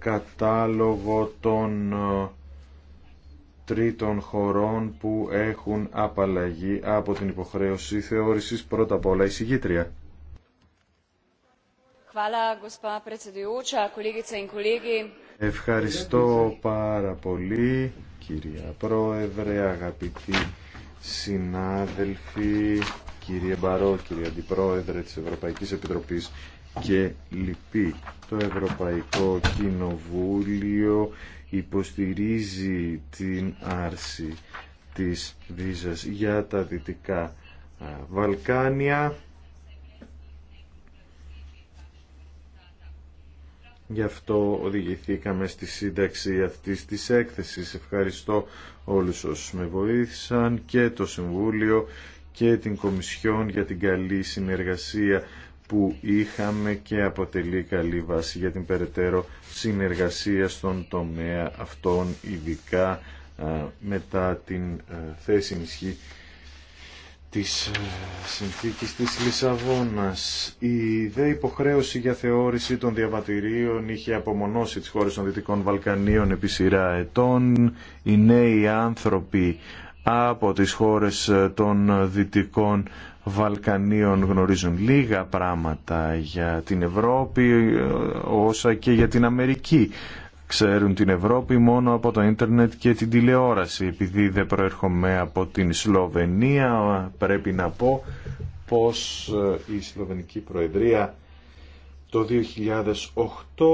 κατάλογο των ε, τρίτων χωρών που έχουν απαλλαγή από την υποχρέωση θεώρησης πρώτα απ' όλα η Ευχαριστώ πάρα πολύ κυρία Πρόεδρε, αγαπητοί συνάδελφοι, κύριε Μπαρό, κύριε Αντιπρόεδρε της Ευρωπαϊκής Επιτροπής και λυπή. Το Ευρωπαϊκό Κοινοβούλιο υποστηρίζει την άρση της βίζας για τα Δυτικά Βαλκάνια. Γι' αυτό οδηγηθήκαμε στη σύνταξη αυτής της έκθεσης. Ευχαριστώ όλους όσους με βοήθησαν και το Συμβούλιο και την Κομισιόν για την καλή συνεργασία που είχαμε και αποτελεί καλή βάση για την περαιτέρω συνεργασία στον τομέα αυτών, ειδικά μετά την θέση ισχύ της συνθήκης της Λισαβόνας. Η δε υποχρέωση για θεώρηση των διαβατηρίων είχε απομονώσει τις χώρες των Δυτικών Βαλκανίων επί σειρά ετών. Οι νέοι άνθρωποι από τις χώρες ε, των Δυτικών Βαλκανίων γνωρίζουν λίγα πράγματα για την Ευρώπη όσα και για την Αμερική. Ξέρουν την Ευρώπη μόνο από το ίντερνετ και την τηλεόραση. Επειδή δεν προέρχομαι από την Σλοβενία πρέπει να πω πως ε, η Σλοβενική Προεδρία το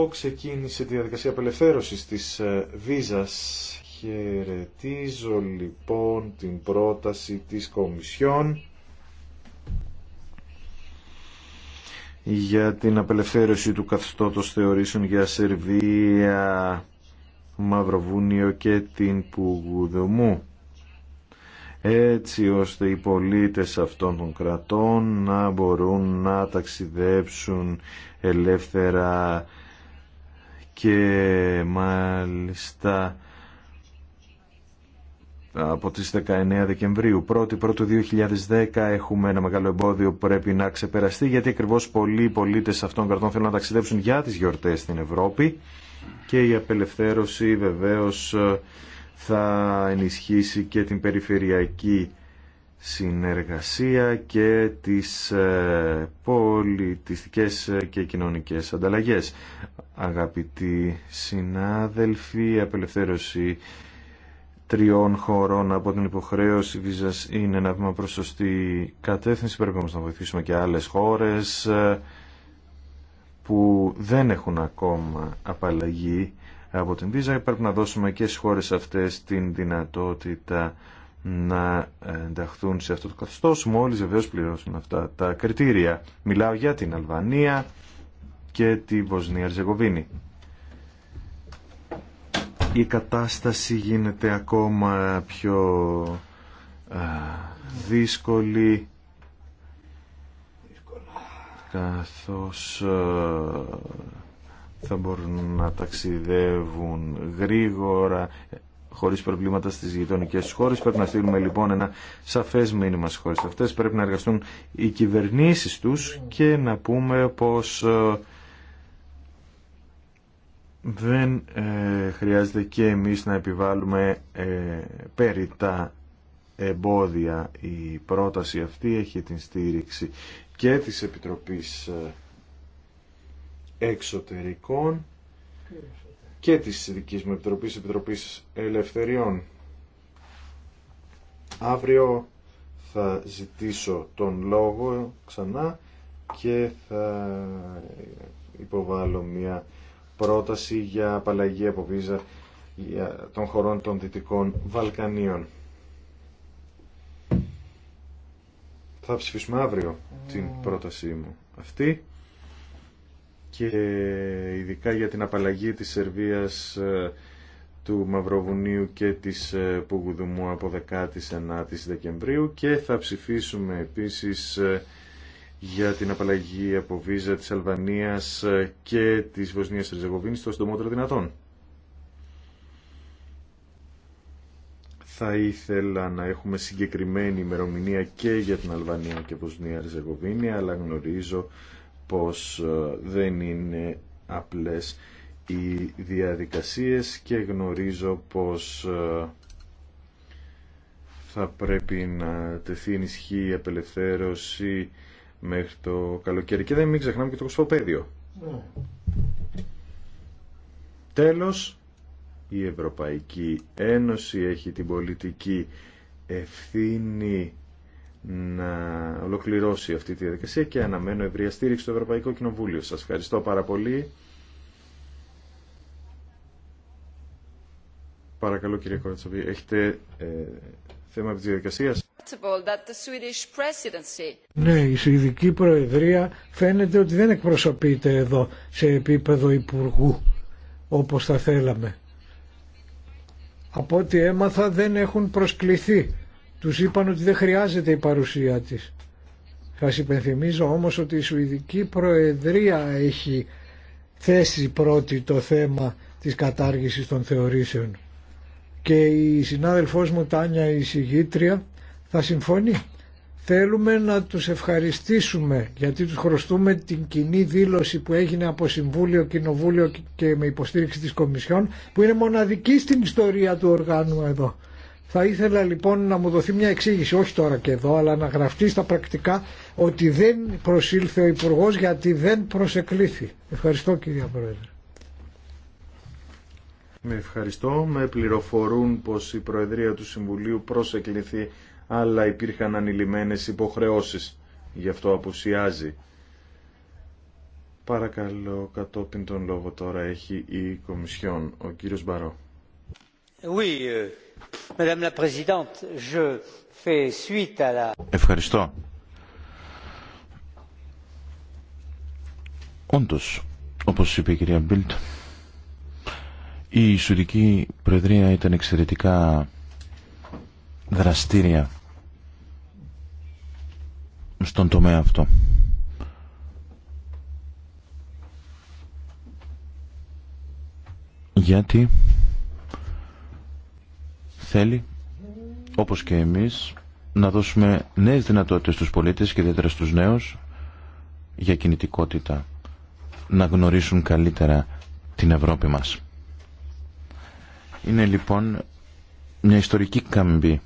2008 ξεκίνησε τη διαδικασία απελευθέρωσης της ε, Βίζας. Χαιρετίζω λοιπόν την πρόταση της Κομισιόν για την απελευθέρωση του καθεστώτος θεωρήσεων για Σερβία, Μαυροβούνιο και την Πουγουδομού έτσι ώστε οι πολίτες αυτών των κρατών να μπορούν να ταξιδέψουν ελεύθερα και μάλιστα από τις 19 Δεκεμβρίου. 1η πρώτου 2010 έχουμε ένα μεγάλο εμπόδιο που πρέπει να ξεπεραστεί γιατί ακριβώς πολλοί πολίτες αυτών των κρατών θέλουν να ταξιδέψουν για τις γιορτές στην Ευρώπη και η απελευθέρωση βεβαίως ε, θα ενισχύσει και την περιφερειακή συνεργασία και τις ε, πολιτιστικές ε, και κοινωνικές ανταλλαγές. Αγαπητοί συνάδελφοι, η απελευθέρωση τριών χωρών από την υποχρέωση βίζας είναι ένα βήμα προς σωστή κατεύθυνση. Πρέπει όμως να βοηθήσουμε και άλλες χώρες ε, που δεν έχουν ακόμα απαλλαγή από την βίζα. Πρέπει να δώσουμε και στι χώρε αυτές την δυνατότητα να ενταχθούν σε αυτό το καθεστώς μόλι βεβαίω πληρώσουν αυτά τα κριτήρια. Μιλάω για την Αλβανία και τη Βοσνία Ριζεγοβίνη η κατάσταση γίνεται ακόμα πιο δύσκολη καθώς θα μπορούν να ταξιδεύουν γρήγορα χωρίς προβλήματα στις γειτονικέ χώρες. Πρέπει να στείλουμε λοιπόν ένα σαφές μήνυμα στις χώρες αυτές. Πρέπει να εργαστούν οι κυβερνήσεις τους και να πούμε πως δεν ε, χρειάζεται και εμείς να επιβάλλουμε ε, περί εμπόδια. Η πρόταση αυτή έχει την στήριξη και της Επιτροπής ε, Εξωτερικών και της δικής μου Επιτροπής, Επιτροπής Ελευθεριών. Αύριο θα ζητήσω τον λόγο ξανά και θα υποβάλω μια πρόταση για απαλλαγή από βίζα των χωρών των Δυτικών Βαλκανίων. Θα ψηφίσουμε αύριο την πρότασή μου αυτή και ειδικά για την απαλλαγή της Σερβίας ε, του Μαυροβουνίου και της ε, Πουγουδουμού από 19 Δεκεμβρίου και θα ψηφίσουμε επίσης ε, για την απαλλαγή από βίζα της Αλβανίας και της Βοσνίας Ριζεγοβίνης στο συντομότερο δυνατόν. Θα ήθελα να έχουμε συγκεκριμένη ημερομηνία και για την Αλβανία και Βοσνία Ριζεγοβίνη, αλλά γνωρίζω πως ε, δεν είναι απλές οι διαδικασίες και γνωρίζω πως ε, θα πρέπει να τεθεί ενισχύ η απελευθέρωση μέχρι το καλοκαίρι. Και δεν μην ξεχνάμε και το κοσμοπέδιο. Mm. Τέλος, η Ευρωπαϊκή Ένωση έχει την πολιτική ευθύνη να ολοκληρώσει αυτή τη διαδικασία και αναμένω ευρεία στήριξη στο Ευρωπαϊκό Κοινοβούλιο. Σας ευχαριστώ πάρα πολύ. Παρακαλώ κύριε Κορατσαβή, έχετε ε, θέμα της διαδικασίας. Ναι, η Σουηδική Προεδρία φαίνεται ότι δεν εκπροσωπείται εδώ σε επίπεδο Υπουργού όπως θα θέλαμε. Από ό,τι έμαθα δεν έχουν προσκληθεί. Τους είπαν ότι δεν χρειάζεται η παρουσία της. Θα υπενθυμίζω όμως ότι η Σουηδική Προεδρία έχει θέσει πρώτη το θέμα της κατάργησης των θεωρήσεων. Και η συνάδελφός μου Τάνια η συγγήτρια θα συμφωνεί. Θέλουμε να τους ευχαριστήσουμε γιατί τους χρωστούμε την κοινή δήλωση που έγινε από Συμβούλιο, Κοινοβούλιο και με υποστήριξη της Κομισιόν που είναι μοναδική στην ιστορία του οργάνου εδώ. Θα ήθελα λοιπόν να μου δοθεί μια εξήγηση, όχι τώρα και εδώ, αλλά να γραφτεί στα πρακτικά ότι δεν προσήλθε ο Υπουργό γιατί δεν προσεκλήθη. Ευχαριστώ κυρία Πρόεδρε. Με ευχαριστώ. Με πληροφορούν πως η Προεδρία του Συμβουλίου προσεκλήθη αλλά υπήρχαν ανηλυμένες υποχρεώσεις. Γι' αυτό απουσιάζει. Παρακαλώ, κατόπιν τον λόγο τώρα έχει η Κομισιόν, ο κύριος Μπαρό. Ευχαριστώ. Όντως, όπως είπε η κυρία Μπίλτ, η Ισουδική Προεδρία ήταν εξαιρετικά δραστήρια στον τομέα αυτό. Γιατί θέλει, όπως και εμείς, να δώσουμε νέες δυνατότητες στους πολίτες και ιδιαίτερα στους νέους για κινητικότητα, να γνωρίσουν καλύτερα την Ευρώπη μας. Είναι λοιπόν μια ιστορική καμπή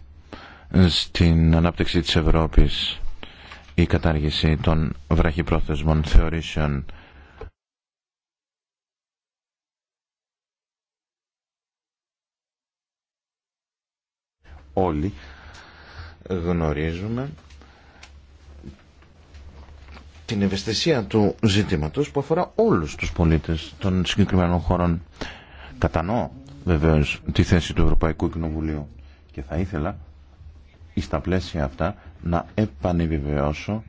στην ανάπτυξη της Ευρώπης η κατάργηση των βραχυπρόθεσμων θεωρήσεων. Όλοι γνωρίζουμε την ευαισθησία του ζητήματος που αφορά όλους τους πολίτες των συγκεκριμένων χωρών. Κατανοώ βεβαίως τη θέση του Ευρωπαϊκού Κοινοβουλίου και θα ήθελα στα πλαίσια αυτά να επανεβιβαιώσω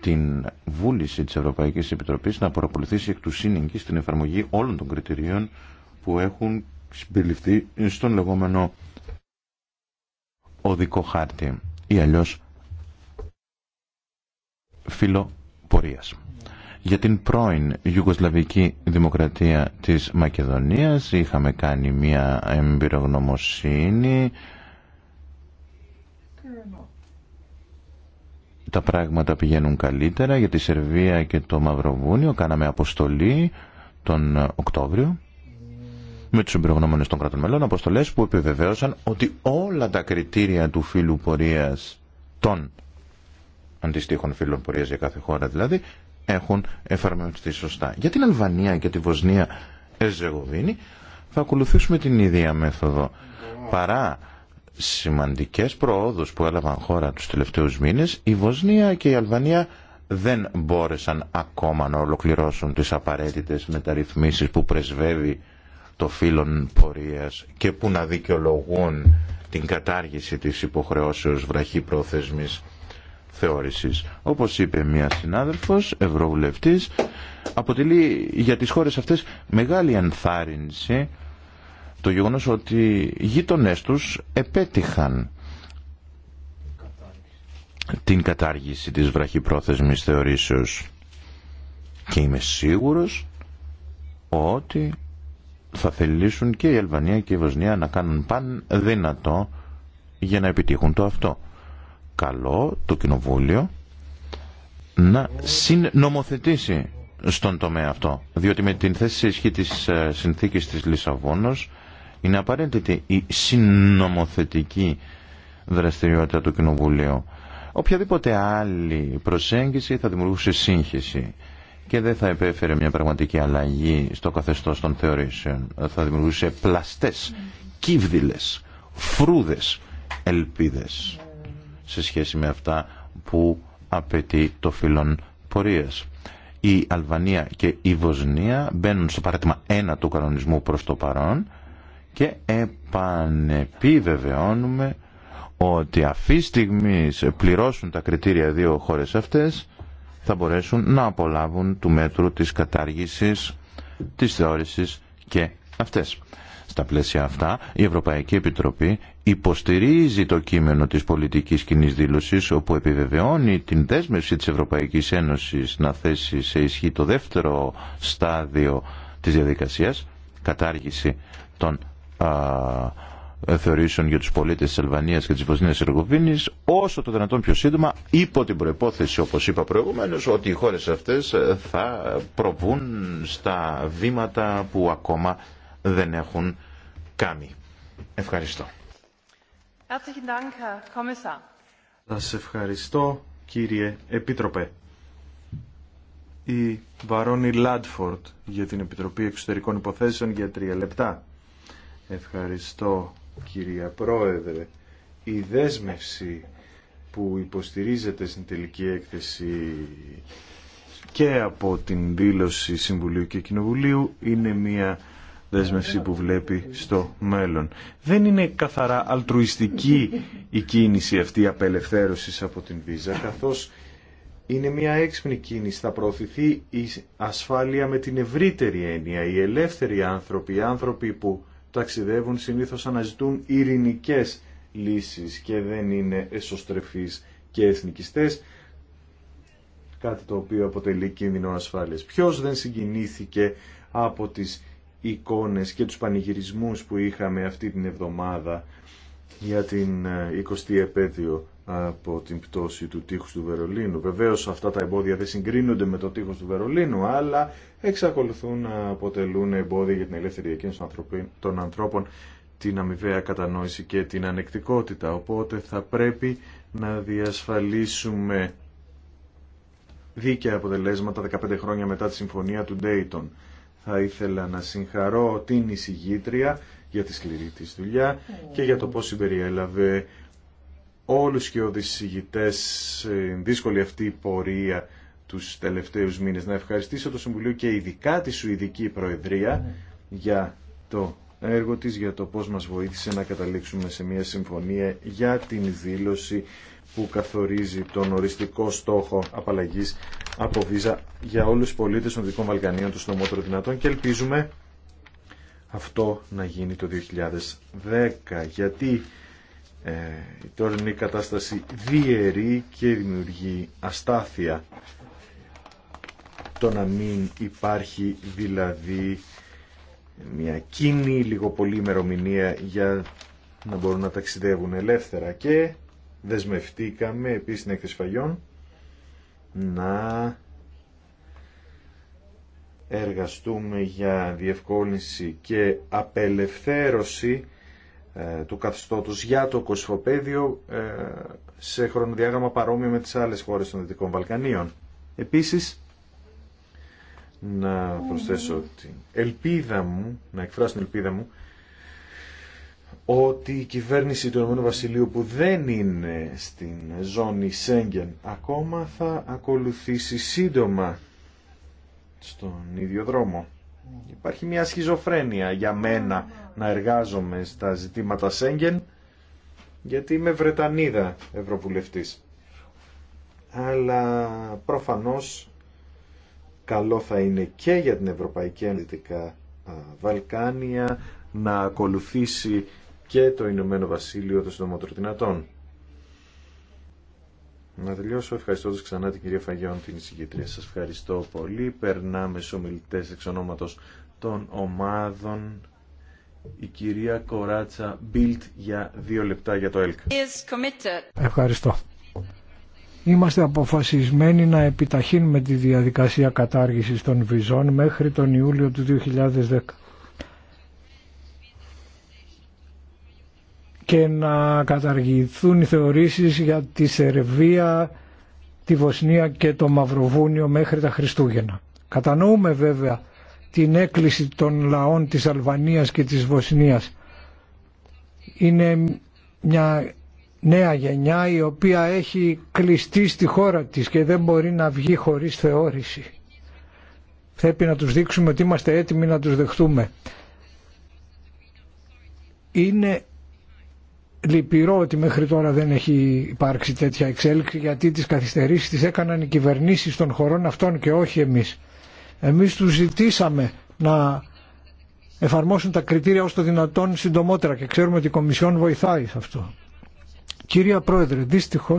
την βούληση της Ευρωπαϊκής Επιτροπής να παρακολουθήσει εκ του σύνυγκης την εφαρμογή όλων των κριτηρίων που έχουν συμπεριληφθεί στον λεγόμενο οδικό χάρτη ή αλλιώς φύλλο Για την πρώην Ιουγκοσλαβική Δημοκρατία της Μακεδονίας είχαμε κάνει μια εμπειρογνωμοσύνη τα πράγματα πηγαίνουν καλύτερα για τη Σερβία και το Μαυροβούνιο. Κάναμε αποστολή τον Οκτώβριο με τους εμπειρογνώμονες των κρατών μελών, αποστολές που επιβεβαίωσαν ότι όλα τα κριτήρια του φύλου πορείας των αντιστοίχων φύλων πορείας για κάθε χώρα δηλαδή έχουν εφαρμοστεί σωστά. Για την Αλβανία και τη Βοσνία Ερζεγοβίνη θα ακολουθήσουμε την ίδια μέθοδο. Παρά σημαντικές προόδους που έλαβαν χώρα τους τελευταίους μήνες, η Βοσνία και η Αλβανία δεν μπόρεσαν ακόμα να ολοκληρώσουν τις απαραίτητες μεταρρυθμίσεις που πρεσβεύει το φύλλον πορείας και που να δικαιολογούν την κατάργηση της υποχρεώσεως βραχύπροθεσμης θεώρησης. Όπως είπε μια συνάδελφος, ευρωβουλευτής, αποτελεί για τις χώρες αυτές μεγάλη ενθάρρυνση το γεγονός ότι οι γείτονές τους επέτυχαν την κατάργηση της βραχυπρόθεσμης θεωρήσεως και είμαι σίγουρος ότι θα θελήσουν και η Αλβανία και η Βοσνία να κάνουν παν δυνατό για να επιτύχουν το αυτό. Καλό το Κοινοβούλιο να συνομοθετήσει στον τομέα αυτό, διότι με την θέση σε ισχύ της ε, συνθήκης της Λισαβόνος είναι απαραίτητη η συνομοθετική δραστηριότητα του Κοινοβουλίου. Οποιαδήποτε άλλη προσέγγιση θα δημιουργούσε σύγχυση και δεν θα επέφερε μια πραγματική αλλαγή στο καθεστώς των θεωρήσεων. Θα δημιουργούσε πλαστές, κύβδηλες, φρούδες ελπίδες σε σχέση με αυτά που απαιτεί το φύλλον πορείας. Η Αλβανία και η Βοσνία μπαίνουν στο παράδειγμα ένα του κανονισμού προς το παρόν και επανεπιβεβαιώνουμε ότι αυτή τη πληρώσουν τα κριτήρια δύο χώρες αυτές θα μπορέσουν να απολάβουν του μέτρου της κατάργησης, της θεώρησης και αυτές. Στα πλαίσια αυτά, η Ευρωπαϊκή Επιτροπή υποστηρίζει το κείμενο της πολιτικής κοινή δήλωση όπου επιβεβαιώνει την δέσμευση της Ευρωπαϊκής Ένωσης να θέσει σε ισχύ το δεύτερο στάδιο της διαδικασίας, κατάργηση των θεωρήσεων για τους πολίτες της Αλβανίας και της Βοσνίας Ερκοβίνης όσο το δυνατόν πιο σύντομα υπό την προϋπόθεση όπως είπα προηγουμένως ότι οι χώρες αυτές ε, θα προβούν στα βήματα που ακόμα δεν έχουν κάνει. Ευχαριστώ. Σα ευχαριστώ κύριε Επίτροπε. Η Βαρόνι Λάντφορτ για την Επιτροπή Εξωτερικών Υποθέσεων για τρία λεπτά. Ευχαριστώ κυρία Πρόεδρε. Η δέσμευση που υποστηρίζεται στην τελική έκθεση και από την δήλωση Συμβουλίου και Κοινοβουλίου είναι μια δέσμευση που βλέπει στο μέλλον. Δεν είναι καθαρά αλτρουιστική η κίνηση αυτή απελευθέρωσης από την Βίζα, καθώς είναι μια έξυπνη κίνηση. Θα προωθηθεί η ασφάλεια με την ευρύτερη έννοια. Οι ελεύθεροι άνθρωποι, οι άνθρωποι που ταξιδεύουν συνήθως αναζητούν ειρηνικές λύσεις και δεν είναι εσωστρεφείς και εθνικιστές, κάτι το οποίο αποτελεί κίνδυνο ασφάλειας. Ποιος δεν συγκινήθηκε από τις εικόνες και τους πανηγυρισμούς που είχαμε αυτή την εβδομάδα για την 20η ε, επέτειο από την πτώση του τείχους του Βερολίνου. Βεβαίως αυτά τα εμπόδια δεν συγκρίνονται με το τείχος του Βερολίνου, αλλά εξακολουθούν να αποτελούν εμπόδια για την ελεύθερη εκείνη των ανθρώπων, την αμοιβαία κατανόηση και την ανεκτικότητα. Οπότε θα πρέπει να διασφαλίσουμε δίκαια αποτελέσματα 15 χρόνια μετά τη συμφωνία του Ντέιτον. Θα ήθελα να συγχαρώ την εισηγήτρια για τη σκληρή της δουλειά και για το πώς συμπεριέλαβε όλους και οδησυγητές δύσκολη αυτή η πορεία τους τελευταίους μήνες. Να ευχαριστήσω το Συμβουλίο και ειδικά τη Σουηδική Προεδρία για το έργο της, για το πώς μας βοήθησε να καταλήξουμε σε μια συμφωνία για την δήλωση που καθορίζει τον οριστικό στόχο απαλλαγής από βίζα για όλους τους πολίτες των Δυτικών Βαλκανίων του νομότερο δυνατόν και ελπίζουμε αυτό να γίνει το 2010 γιατί ε, η κατάσταση διαιρεί και δημιουργεί αστάθεια το να μην υπάρχει δηλαδή μια κίνη λίγο πολύ ημερομηνία για να μπορούν να ταξιδεύουν ελεύθερα και δεσμευτήκαμε επίσης στην έκθεση φαγιών να εργαστούμε για διευκόλυνση και απελευθέρωση ε, του καθεστώτος για το κοσφοπέδιο ε, σε χρονοδιάγραμμα παρόμοιο με τις άλλες χώρες των Δυτικών Βαλκανίων. Επίσης, να προσθέσω την ελπίδα μου, να εκφράσω την ελπίδα μου, ότι η κυβέρνηση του Ηνωμένου Βασιλείου που δεν είναι στην ζώνη Σέγγεν ακόμα θα ακολουθήσει σύντομα στον ίδιο δρόμο. Υπάρχει μια σχιζοφρένεια για μένα να εργάζομαι στα ζητήματα Σέγγεν γιατί είμαι Βρετανίδα Ευρωβουλευτής. Αλλά προφανώς καλό θα είναι και για την Ευρωπαϊκή Ανδυτικά Βαλκάνια να ακολουθήσει και το Ηνωμένο Βασίλειο των Συντομότερων να τελειώσω ευχαριστώντα ξανά την κυρία Φαγιών την εισηγητρία. Σας ευχαριστώ πολύ. Περνάμε στου ομιλητέ εξ ονόματο των ομάδων. Η κυρία Κοράτσα Μπίλτ για δύο λεπτά για το ΕΛΚ. Ευχαριστώ. Είμαστε αποφασισμένοι να επιταχύνουμε τη διαδικασία κατάργησης των βυζών μέχρι τον Ιούλιο του 2010. και να καταργηθούν οι θεωρήσεις για τη Σερβία, τη Βοσνία και το Μαυροβούνιο μέχρι τα Χριστούγεννα. Κατανοούμε βέβαια την έκκληση των λαών της Αλβανίας και της Βοσνίας. Είναι μια νέα γενιά η οποία έχει κλειστεί στη χώρα της και δεν μπορεί να βγει χωρίς θεώρηση. Πρέπει να τους δείξουμε ότι είμαστε έτοιμοι να τους δεχτούμε. Είναι λυπηρό ότι μέχρι τώρα δεν έχει υπάρξει τέτοια εξέλιξη γιατί τις καθυστερήσεις τις έκαναν οι κυβερνήσεις των χωρών αυτών και όχι εμείς. Εμείς τους ζητήσαμε να εφαρμόσουν τα κριτήρια όσο το δυνατόν συντομότερα και ξέρουμε ότι η Κομισιόν βοηθάει σε αυτό. Κυρία Πρόεδρε, δυστυχώ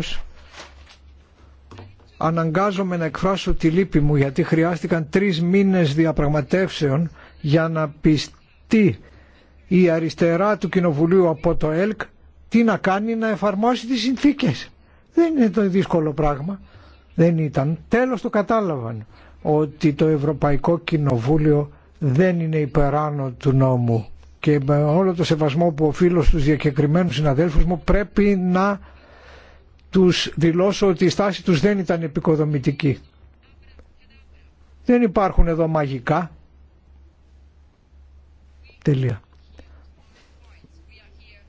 αναγκάζομαι να εκφράσω τη λύπη μου γιατί χρειάστηκαν τρεις μήνες διαπραγματεύσεων για να πιστεί η αριστερά του Κοινοβουλίου από το ΕΛΚ τι να κάνει να εφαρμόσει τις συνθήκες. Δεν είναι το δύσκολο πράγμα. Δεν ήταν. Τέλος το κατάλαβαν ότι το Ευρωπαϊκό Κοινοβούλιο δεν είναι υπεράνω του νόμου και με όλο το σεβασμό που οφείλω στους διακεκριμένους συναδέλφους μου πρέπει να τους δηλώσω ότι η στάση τους δεν ήταν επικοδομητική. Δεν υπάρχουν εδώ μαγικά. Τελεία.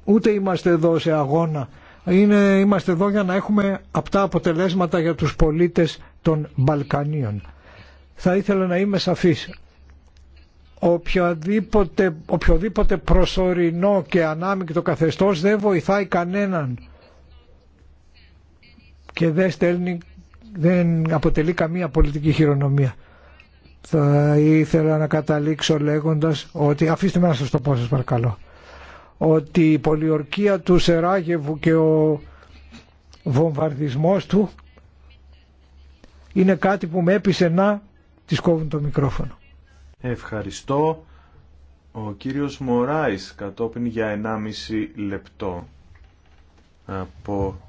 Ούτε είμαστε εδώ σε αγώνα. Είναι, είμαστε εδώ για να έχουμε απτά αποτελέσματα για τους πολίτες των Μπαλκανίων. Θα ήθελα να είμαι σαφής. Οποιοδήποτε, οποιοδήποτε προσωρινό και ανάμεικτο καθεστώς δεν βοηθάει κανέναν και δεν, στέλνει, δεν αποτελεί καμία πολιτική χειρονομία. Θα ήθελα να καταλήξω λέγοντας ότι αφήστε με να σας το πω παρακαλώ ότι η πολιορκία του Σεράγεβου και ο βομβαρδισμός του είναι κάτι που με έπεισε να τις κόβουν το μικρόφωνο. Ευχαριστώ. Ο κύριος Μωράης κατόπιν για 1,5 λεπτό από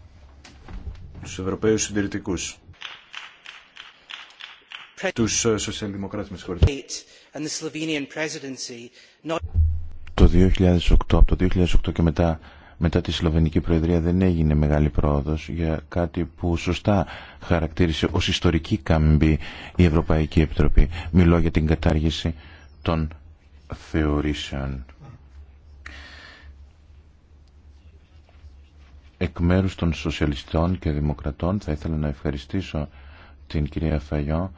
τους Ευρωπαίους Συντηρητικούς. Τους ε, Σοσιαλδημοκράτες, με συγχωρείτε το 2008, από το 2008 και μετά, μετά τη Σλοβενική Προεδρία δεν έγινε μεγάλη πρόοδος για κάτι που σωστά χαρακτήρισε ως ιστορική καμπή η Ευρωπαϊκή Επιτροπή. Μιλώ για την κατάργηση των θεωρήσεων. Εκ μέρους των σοσιαλιστών και δημοκρατών θα ήθελα να ευχαριστήσω την κυρία Φαγιό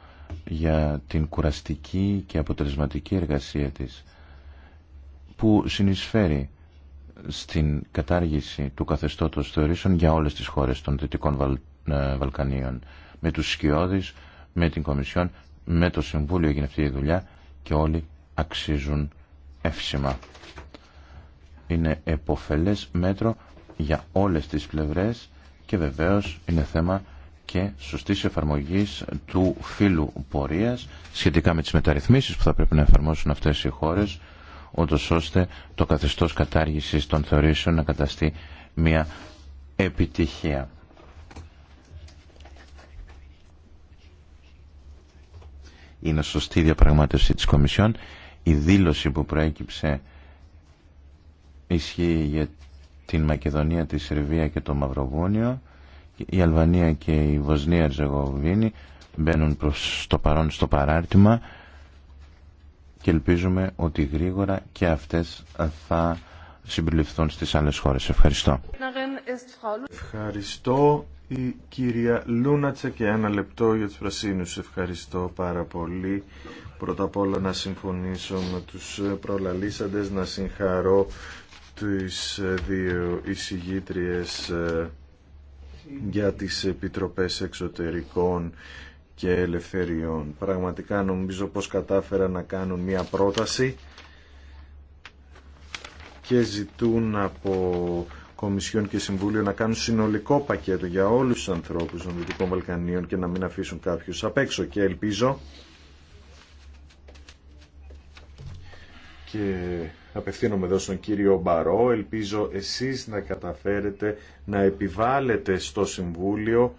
για την κουραστική και αποτελεσματική εργασία της που συνεισφέρει στην κατάργηση του καθεστώτος θεωρήσεων για όλες τις χώρες των Δυτικών ε, Βαλκανίων. Με τους Σκιώδης, με την Κομισιόν, με το Συμβούλιο έγινε αυτή η δουλειά και όλοι αξίζουν εύσημα. Είναι εποφελές μέτρο για όλες τις πλευρές και βεβαίως είναι θέμα και σωστής εφαρμογής του φύλου πορείας σχετικά με τις μεταρρυθμίσεις που θα πρέπει να εφαρμόσουν αυτές οι χώρες ούτως ώστε το καθεστώς κατάργησης των θεωρήσεων να καταστεί μια επιτυχία. Είναι σωστή η διαπραγμάτευση της Κομισιόν. Η δήλωση που προέκυψε ισχύει για την Μακεδονία, τη Σερβία και το Μαυροβούνιο. Η Αλβανία και η Βοσνία Ερζεγοβίνη μπαίνουν προ το παρόν στο παράρτημα και ελπίζουμε ότι γρήγορα και αυτές θα συμπεριληφθούν στις άλλες χώρες. Ευχαριστώ. Ευχαριστώ η κυρία Λούνατσα και ένα λεπτό για τους πρασίνους. Ευχαριστώ πάρα πολύ. Πρώτα απ' όλα να συμφωνήσω με τους προλαλήσαντες, να συγχαρώ τις δύο εισηγήτριες ε, για τις Επιτροπές Εξωτερικών και ελευθεριών. Πραγματικά νομίζω πως κατάφερα να κάνουν μια πρόταση και ζητούν από Κομισιόν και Συμβούλιο να κάνουν συνολικό πακέτο για όλους τους ανθρώπους των Δυτικών Βαλκανίων και να μην αφήσουν κάποιους απ' έξω και ελπίζω και απευθύνομαι εδώ στον κύριο Μπαρό ελπίζω εσείς να καταφέρετε να επιβάλλετε στο Συμβούλιο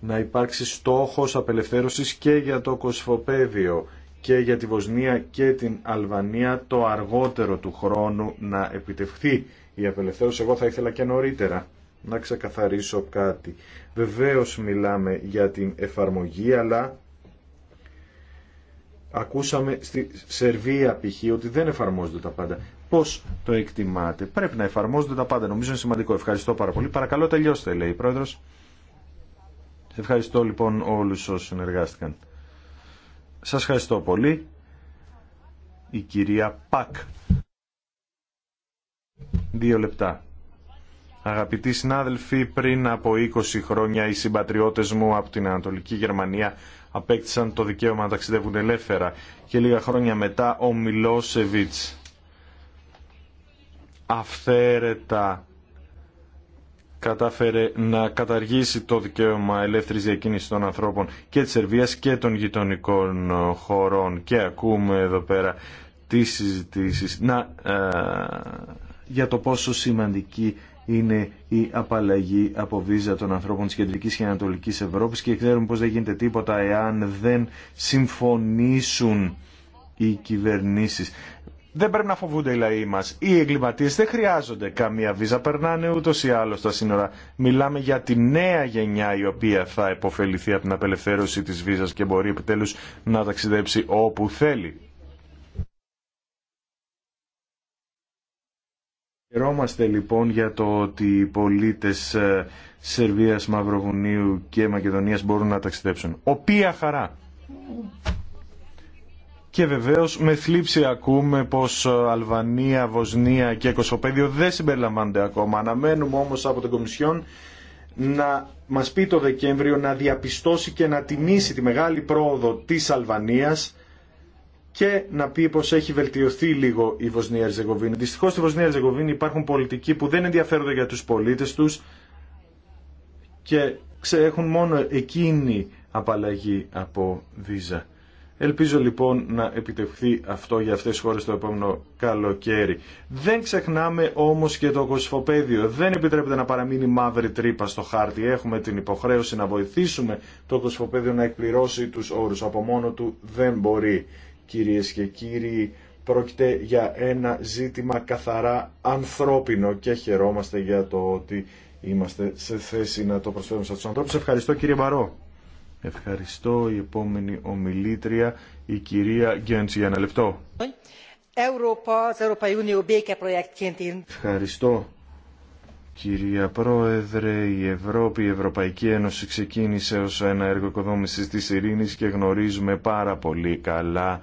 να υπάρξει στόχος απελευθέρωσης και για το κοσφοπέδιο και για τη Βοσνία και την Αλβανία το αργότερο του χρόνου να επιτευχθεί η απελευθέρωση. Εγώ θα ήθελα και νωρίτερα να ξεκαθαρίσω κάτι. Βεβαίως μιλάμε για την εφαρμογή, αλλά ακούσαμε στη Σερβία π.χ. ότι δεν εφαρμόζονται τα πάντα. Πώς το εκτιμάτε. Πρέπει να εφαρμόζονται τα πάντα. Νομίζω είναι σημαντικό. Ευχαριστώ πάρα πολύ. Παρακαλώ τελειώστε, λέει η Πρόεδρος. Ευχαριστώ λοιπόν όλους όσους συνεργάστηκαν. Σας ευχαριστώ πολύ. Η κυρία Πακ. Δύο λεπτά. Αγαπητοί συνάδελφοι, πριν από 20 χρόνια οι συμπατριώτες μου από την Ανατολική Γερμανία απέκτησαν το δικαίωμα να ταξιδεύουν ελεύθερα και λίγα χρόνια μετά ο Μιλόσεβιτς αυθαίρετα κατάφερε να καταργήσει το δικαίωμα ελεύθερης διακίνησης των ανθρώπων και της Σερβίας και των γειτονικών χωρών και ακούμε εδώ πέρα τις συζητήσεις να, ε, για το πόσο σημαντική είναι η απαλλαγή από βίζα των ανθρώπων της Κεντρικής και Ανατολικής Ευρώπης και ξέρουμε πως δεν γίνεται τίποτα εάν δεν συμφωνήσουν οι κυβερνήσεις. Δεν πρέπει να φοβούνται οι λαοί μα. Οι εγκληματίε δεν χρειάζονται καμία βίζα, περνάνε ούτω ή άλλω τα σύνορα. Μιλάμε για τη νέα γενιά η οποία θα επωφεληθεί από την απελευθέρωση τη βίζα και μπορεί επιτέλου να ταξιδέψει όπου θέλει. Χαιρόμαστε λοιπόν για το ότι οι πολίτες ε, Σερβίας, Μαυροβουνίου και Μακεδονίας μπορούν να ταξιδέψουν. Οποία χαρά! Και βεβαίω με θλίψη ακούμε πω ε, Αλβανία, Βοσνία και Κοσμοπέδιο δεν συμπεριλαμβάνονται ακόμα. Αναμένουμε όμω από την Κομισιόν να μα πει το Δεκέμβριο να διαπιστώσει και να τιμήσει τη μεγάλη πρόοδο τη Αλβανία και να πει πω έχει βελτιωθεί λίγο η Βοσνία Ερζεγοβίνη. Δυστυχώ στη Βοσνία Ερζεγοβίνη υπάρχουν πολιτικοί που δεν ενδιαφέρονται για του πολίτε του και έχουν μόνο εκείνη απαλλαγή από βίζα. Ελπίζω λοιπόν να επιτευχθεί αυτό για αυτές τις χώρες το επόμενο καλοκαίρι. Δεν ξεχνάμε όμως και το κοσφοπέδιο. Δεν επιτρέπεται να παραμείνει μαύρη τρύπα στο χάρτη. Έχουμε την υποχρέωση να βοηθήσουμε το κοσφοπέδιο να εκπληρώσει τους όρους. Από μόνο του δεν μπορεί. Κυρίες και κύριοι, πρόκειται για ένα ζήτημα καθαρά ανθρώπινο και χαιρόμαστε για το ότι είμαστε σε θέση να το προσφέρουμε σε ανθρώπους. Ευχαριστώ κύριε Μαρό. Ευχαριστώ. Η επόμενη ομιλήτρια, η κυρία Γκέντς, για ένα λεπτό. Ευχαριστώ. Κυρία Πρόεδρε, η Ευρώπη, η Ευρωπαϊκή Ένωση ξεκίνησε ως ένα έργο οικοδόμησης της ειρήνης και γνωρίζουμε πάρα πολύ καλά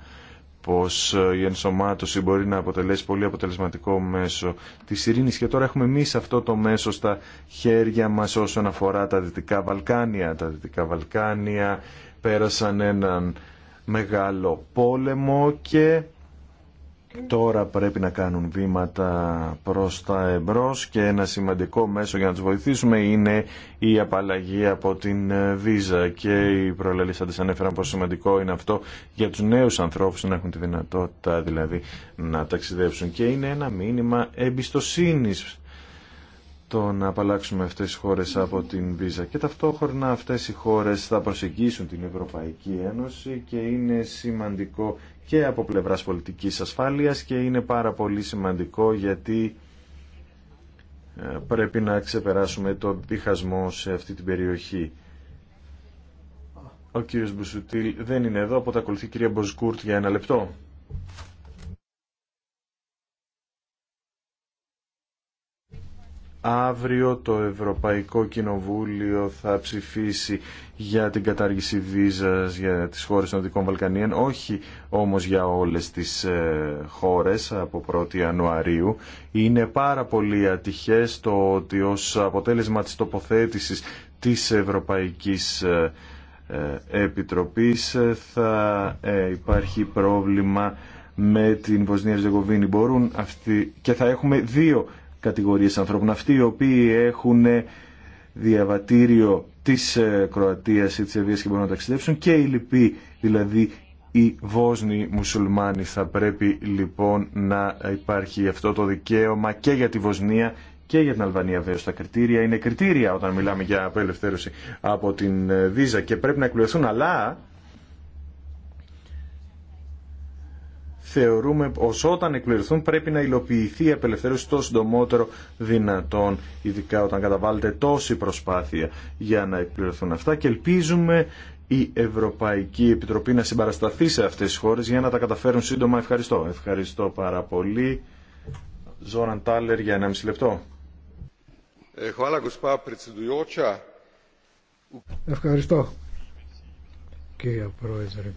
πως ε, η ενσωμάτωση μπορεί να αποτελέσει πολύ αποτελεσματικό μέσο της ειρήνης και τώρα έχουμε εμεί αυτό το μέσο στα χέρια μας όσον αφορά τα Δυτικά Βαλκάνια. Τα Δυτικά Βαλκάνια πέρασαν έναν μεγάλο πόλεμο και Τώρα πρέπει να κάνουν βήματα προς τα εμπρός και ένα σημαντικό μέσο για να τους βοηθήσουμε είναι η απαλλαγή από την ε, βίζα και οι προλαλήσαντες ανέφεραν πόσο σημαντικό είναι αυτό για τους νέους ανθρώπους να έχουν τη δυνατότητα δηλαδή να ταξιδέψουν και είναι ένα μήνυμα εμπιστοσύνης το να απαλλάξουμε αυτές τις χώρες από την Βίζα και ταυτόχρονα αυτές οι χώρες θα προσεγγίσουν την Ευρωπαϊκή Ένωση και είναι σημαντικό και από πλευράς πολιτικής ασφάλειας και είναι πάρα πολύ σημαντικό γιατί ε, πρέπει να ξεπεράσουμε τον διχασμό σε αυτή την περιοχή. Ο κύριος Μπουσουτήλ δεν είναι εδώ, τα ακολουθεί η κυρία Μποζκούρτ για ένα λεπτό. Αύριο το Ευρωπαϊκό Κοινοβούλιο θα ψηφίσει για την κατάργηση βίζας για τις χώρες των Δυτικών Βαλκανίων, όχι όμως για όλες τις ε, χώρες από 1η Ιανουαρίου. Είναι πάρα πολύ ατυχές το ότι ως αποτέλεσμα της τοποθέτησης της Ευρωπαϊκής ε, ε, Επιτροπής θα υπάρχει πρόβλημα με την Βοσνία Ζεγοβίνη μπορούν και θα έχουμε δύο κατηγορίες ανθρώπων. Αυτοί οι οποίοι έχουν διαβατήριο της ε, Κροατίας ή της Ευβίας και μπορούν να ταξιδέψουν και οι λοιποί, δηλαδή οι Βόσνοι μουσουλμάνοι. Θα πρέπει λοιπόν να υπάρχει αυτό το δικαίωμα και για τη Βοσνία και για την Αλβανία βέβαια στα κριτήρια είναι κριτήρια όταν μιλάμε για απελευθέρωση από την ε, Βίζα και πρέπει να εκπληρωθούν αλλά θεωρούμε πως όταν εκπληρωθούν πρέπει να υλοποιηθεί η απελευθέρωση το συντομότερο δυνατόν, ειδικά όταν καταβάλλεται τόση προσπάθεια για να εκπληρωθούν αυτά και ελπίζουμε η Ευρωπαϊκή Επιτροπή να συμπαρασταθεί σε αυτές τις χώρες για να τα καταφέρουν σύντομα. Ευχαριστώ. Ευχαριστώ πάρα πολύ. Ζόραν Τάλερ για 1,5 λεπτό. Ε, Ευχαριστώ κύριε Πρόεδρε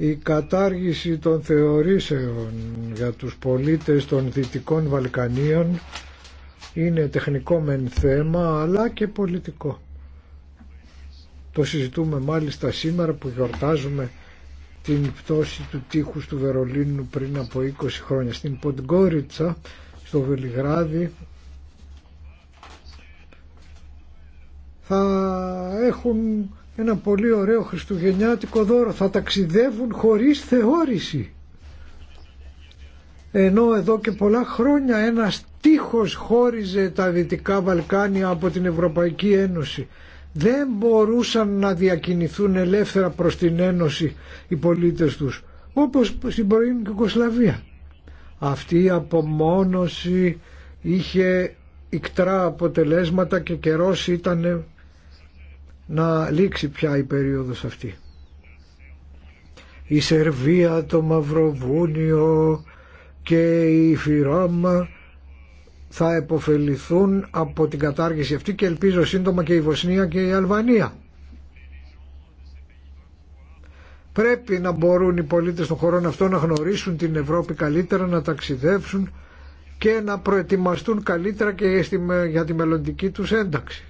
η κατάργηση των θεωρήσεων για τους πολίτες των Δυτικών Βαλκανίων είναι τεχνικό μεν θέμα αλλά και πολιτικό. Το συζητούμε μάλιστα σήμερα που γιορτάζουμε την πτώση του τείχους του Βερολίνου πριν από 20 χρόνια. Στην Ποντγκόριτσα, στο Βελιγράδι, θα έχουν ένα πολύ ωραίο χριστουγεννιάτικο δώρο. Θα ταξιδεύουν χωρίς θεώρηση. Ενώ εδώ και πολλά χρόνια ένας τείχος χώριζε τα Δυτικά Βαλκάνια από την Ευρωπαϊκή Ένωση. Δεν μπορούσαν να διακινηθούν ελεύθερα προς την Ένωση οι πολίτες τους, όπως στην πρωινή Κοσλαβία. Αυτή η απομόνωση είχε ικτρά αποτελέσματα και καιρός ήταν να λήξει πια η περίοδος αυτή. Η Σερβία, το Μαυροβούνιο και η Φυρώμα θα επωφεληθούν από την κατάργηση αυτή και ελπίζω σύντομα και η Βοσνία και η Αλβανία. Πρέπει να μπορούν οι πολίτες των χωρών αυτών να γνωρίσουν την Ευρώπη καλύτερα, να ταξιδεύσουν και να προετοιμαστούν καλύτερα και για τη μελλοντική τους ένταξη.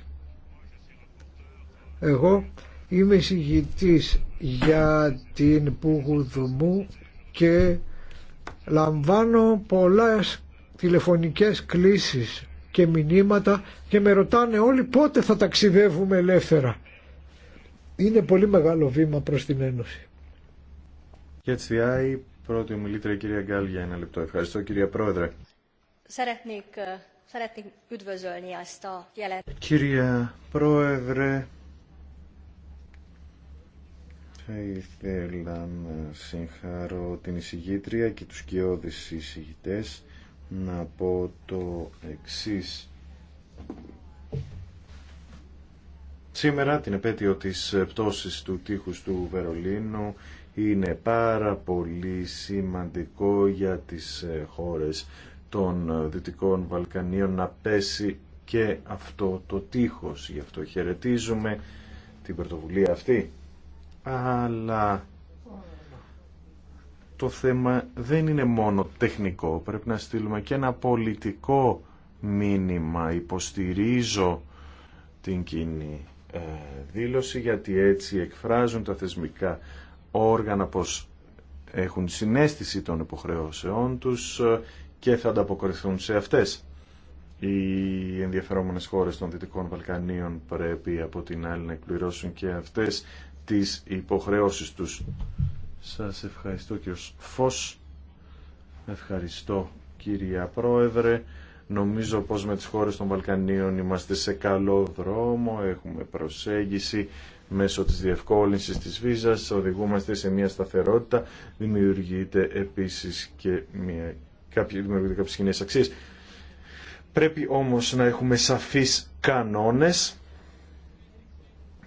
Εγώ είμαι εισηγητής για την Πουγουδουμού και λαμβάνω πολλές τηλεφωνικές κλήσεις και μηνύματα και με ρωτάνε όλοι πότε θα ταξιδεύουμε ελεύθερα. Είναι πολύ μεγάλο βήμα προς την Ένωση. Και έτσι η πρώτη ομιλήτρια κυρία Γκάλ για ένα λεπτό. Ευχαριστώ κυρία Πρόεδρε. Κυρία Πρόεδρε, θα ήθελα να συγχαρώ την εισηγήτρια και τους κοιόδης εισηγητές να πω το εξής. Σήμερα την επέτειο της πτώσης του τείχους του Βερολίνου είναι πάρα πολύ σημαντικό για τις ε, χώρες των Δυτικών Βαλκανίων να πέσει και αυτό το τείχος. Γι' αυτό χαιρετίζουμε την πρωτοβουλία αυτή αλλά το θέμα δεν είναι μόνο τεχνικό. Πρέπει να στείλουμε και ένα πολιτικό μήνυμα. Υποστηρίζω την κοινή ε, δήλωση γιατί έτσι εκφράζουν τα θεσμικά όργανα πως έχουν συνέστηση των υποχρεώσεών τους ε, και θα ανταποκριθούν σε αυτές. Οι ενδιαφερόμενες χώρες των Δυτικών Βαλκανίων πρέπει από την άλλη να εκπληρώσουν και αυτές τις υποχρεώσεις τους. Σας ευχαριστώ κύριο Φως. Ευχαριστώ κυρία Πρόεδρε. Νομίζω πως με τις χώρες των Βαλκανίων είμαστε σε καλό δρόμο, έχουμε προσέγγιση μέσω της διευκόλυνσης της βίζας, οδηγούμαστε σε μια σταθερότητα, δημιουργείται επίσης και μια, κάποιοι, δημιουργείται κάποιες κοινέ αξίες. Πρέπει όμως να έχουμε σαφείς κανόνες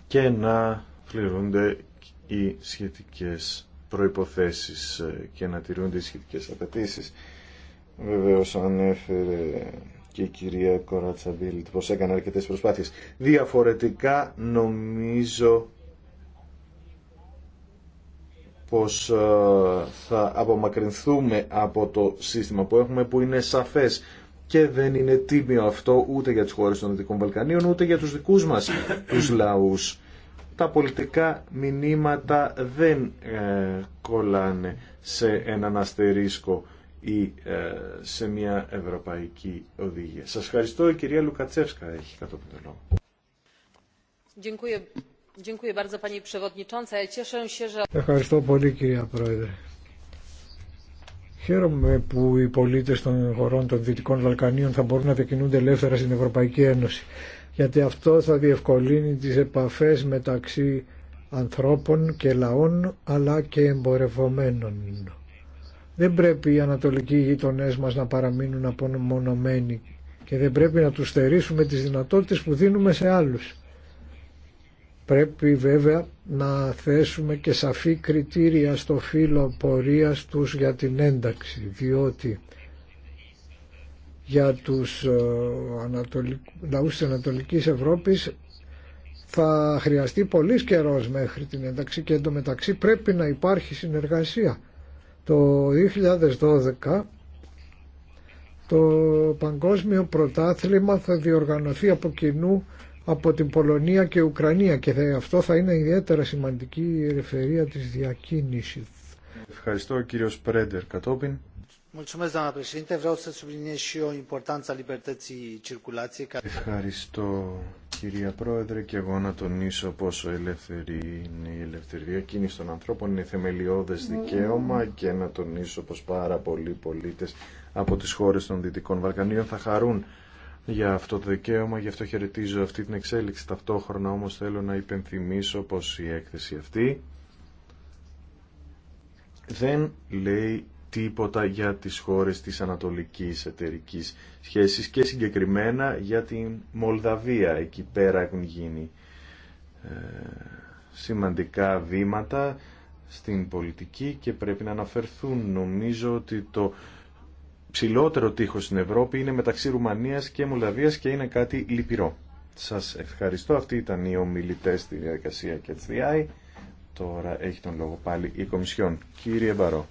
και να πληρούνται οι σχετικές προϋποθέσεις ε, και να τηρούνται οι σχετικές απαιτήσεις. Βεβαίως ανέφερε και η κυρία Κορατσαμπίλτ πως έκανε αρκετές προσπάθειες. Διαφορετικά νομίζω πως ε, θα απομακρυνθούμε από το σύστημα που έχουμε που είναι σαφές και δεν είναι τίμιο αυτό ούτε για τις χώρες των Δυτικών Βαλκανίων ούτε για τους δικούς μας τους λαούς τα πολιτικά μηνύματα δεν ε, κολλάνε σε έναν αστερίσκο ή ε, σε μια ευρωπαϊκή οδηγία. Σας ευχαριστώ. Η κυρία Λουκατσεύσκα έχει κατόπιν το λόγο. Ευχαριστώ πολύ κυρία Πρόεδρε. Χαίρομαι που οι πολίτες των χωρών των Δυτικών Βαλκανίων θα μπορούν να διακινούνται ελεύθερα στην Ευρωπαϊκή Ένωση γιατί αυτό θα διευκολύνει τις επαφές μεταξύ ανθρώπων και λαών αλλά και εμπορευομένων. Δεν πρέπει οι ανατολικοί γείτονέ μας να παραμείνουν απομονωμένοι και δεν πρέπει να τους στερήσουμε τις δυνατότητες που δίνουμε σε άλλους. Πρέπει βέβαια να θέσουμε και σαφή κριτήρια στο φύλλο πορείας τους για την ένταξη, διότι για τους ε, λαούς της Ανατολικής Ευρώπης θα χρειαστεί πολύ καιρό μέχρι την ένταξη και εντωμεταξύ πρέπει να υπάρχει συνεργασία. Το 2012 το Παγκόσμιο Πρωτάθλημα θα διοργανωθεί από κοινού από την Πολωνία και Ουκρανία και αυτό θα είναι ιδιαίτερα σημαντική η της διακίνησης. Ευχαριστώ κύριο Πρέντερ κατόπιν. Ευχαριστώ κυρία Πρόεδρε και εγώ να τονίσω πόσο ελεύθερη είναι η ελευθερία κίνηση των ανθρώπων είναι θεμελιώδες δικαίωμα και να τονίσω πως πάρα πολλοί πολίτες από τις χώρες των Δυτικών Βαλκανίων θα χαρούν για αυτό το δικαίωμα, γι' αυτό χαιρετίζω αυτή την εξέλιξη. Ταυτόχρονα όμως θέλω να υπενθυμίσω πω η έκθεση αυτή δεν λέει τίποτα για τις χώρες της ανατολικής εταιρικής σχέσης και συγκεκριμένα για την Μολδαβία. Εκεί πέρα έχουν γίνει ε, σημαντικά βήματα στην πολιτική και πρέπει να αναφερθούν. Νομίζω ότι το ψηλότερο τείχος στην Ευρώπη είναι μεταξύ Ρουμανίας και Μολδαβίας και είναι κάτι λυπηρό. Σας ευχαριστώ. Αυτοί ήταν οι ομιλητές στη διαδικασία και Τώρα έχει τον λόγο πάλι η Κομισιόν. Κύριε Μπαρό.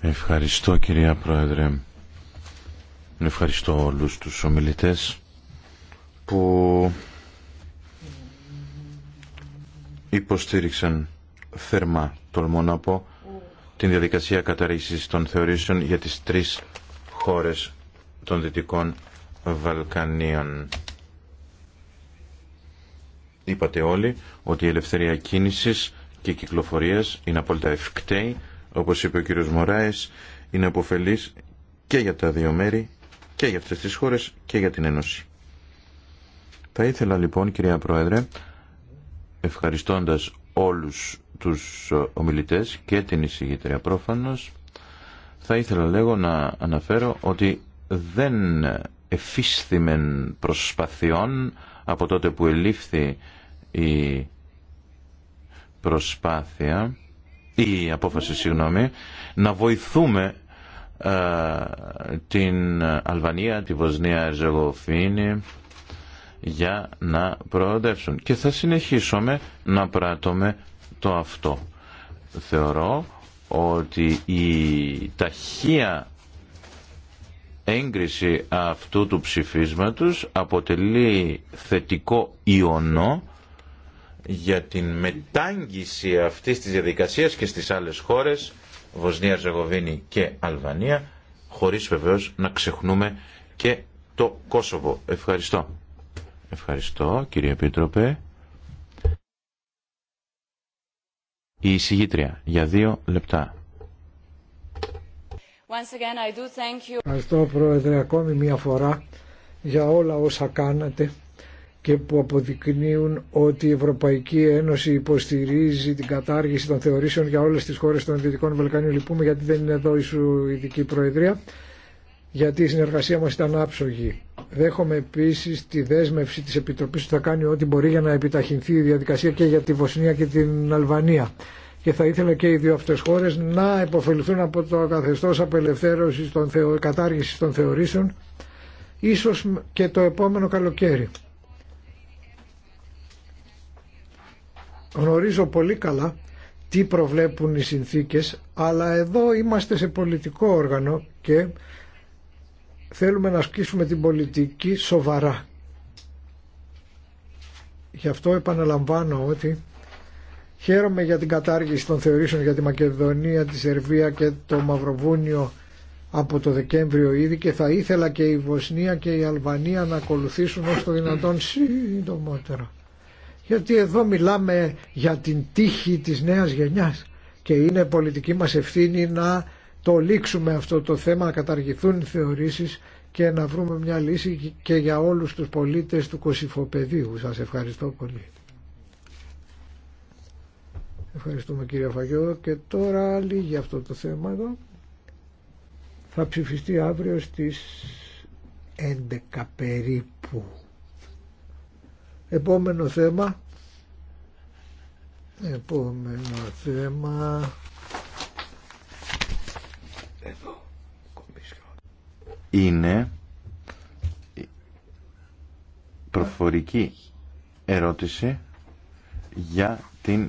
Ευχαριστώ κυρία Πρόεδρε. Ευχαριστώ όλους τους ομιλητές που υποστήριξαν θερμά, τολμώ να πω, την διαδικασία καταρρήσης των θεωρήσεων για τις τρεις χώρες των Δυτικών Βαλκανίων. Είπατε όλοι ότι η ελευθερία κίνησης και κυκλοφορίας είναι απόλυτα ευκταίη όπως είπε ο κύριος Μωράης, είναι αποφελής και για τα δύο μέρη, και για αυτές τις χώρες και για την Ένωση. Θα ήθελα λοιπόν, κυρία Πρόεδρε, ευχαριστώντας όλους τους ομιλητές και την εισηγήτρια πρόφανος, θα ήθελα λέγω να αναφέρω ότι δεν εφίσθημεν προσπαθειών από τότε που ελήφθη η προσπάθεια η απόφαση συγγνώμη, να βοηθούμε ε, την Αλβανία, τη Βοσνία Ερζεγοφίνη για να προοδεύσουν. Και θα συνεχίσουμε να πράττουμε το αυτό. Θεωρώ ότι η ταχεία έγκριση αυτού του ψηφίσματος αποτελεί θετικό ιονό για την μετάγγιση αυτής της διαδικασίας και στις άλλες χώρες, Βοσνία, Ζεγοβίνη και Αλβανία, χωρίς βεβαίως να ξεχνούμε και το Κόσοβο. Ευχαριστώ. Ευχαριστώ κύριε Επίτροπε. Η εισηγήτρια για δύο λεπτά. Ευχαριστώ Πρόεδρε ακόμη μια φορά για όλα όσα κάνατε και που αποδεικνύουν ότι η Ευρωπαϊκή Ένωση υποστηρίζει την κατάργηση των θεωρήσεων για όλες τις χώρες των Δυτικών Βαλκανίων. Λυπούμε γιατί δεν είναι εδώ η Σουηδική Προεδρία, γιατί η συνεργασία μας ήταν άψογη. Δέχομαι επίσης τη δέσμευση της Επιτροπής που θα κάνει ό,τι μπορεί για να επιταχυνθεί η διαδικασία και για τη Βοσνία και την Αλβανία. Και θα ήθελα και οι δύο αυτές χώρες να υποφελθούν από το καθεστώς απελευθέρωσης των θεω... κατάργησης των θεωρήσεων ίσως και το επόμενο καλοκαίρι. Γνωρίζω πολύ καλά τι προβλέπουν οι συνθήκες, αλλά εδώ είμαστε σε πολιτικό όργανο και θέλουμε να ασκήσουμε την πολιτική σοβαρά. Γι' αυτό επαναλαμβάνω ότι χαίρομαι για την κατάργηση των θεωρήσεων για τη Μακεδονία, τη Σερβία και το Μαυροβούνιο από το Δεκέμβριο ήδη και θα ήθελα και η Βοσνία και η Αλβανία να ακολουθήσουν όσο το δυνατόν σύντομότερα γιατί εδώ μιλάμε για την τύχη της νέας γενιάς και είναι πολιτική μας ευθύνη να το λήξουμε αυτό το θέμα, να καταργηθούν οι θεωρήσεις και να βρούμε μια λύση και για όλους τους πολίτες του Κωσυφοπεδίου. Σας ευχαριστώ πολύ. Ευχαριστούμε κύριε Φαγιό. και τώρα για αυτό το θέμα εδώ. Θα ψηφιστεί αύριο στις 11 περίπου. Επόμενο θέμα. Επόμενο θέμα. Είναι προφορική ερώτηση για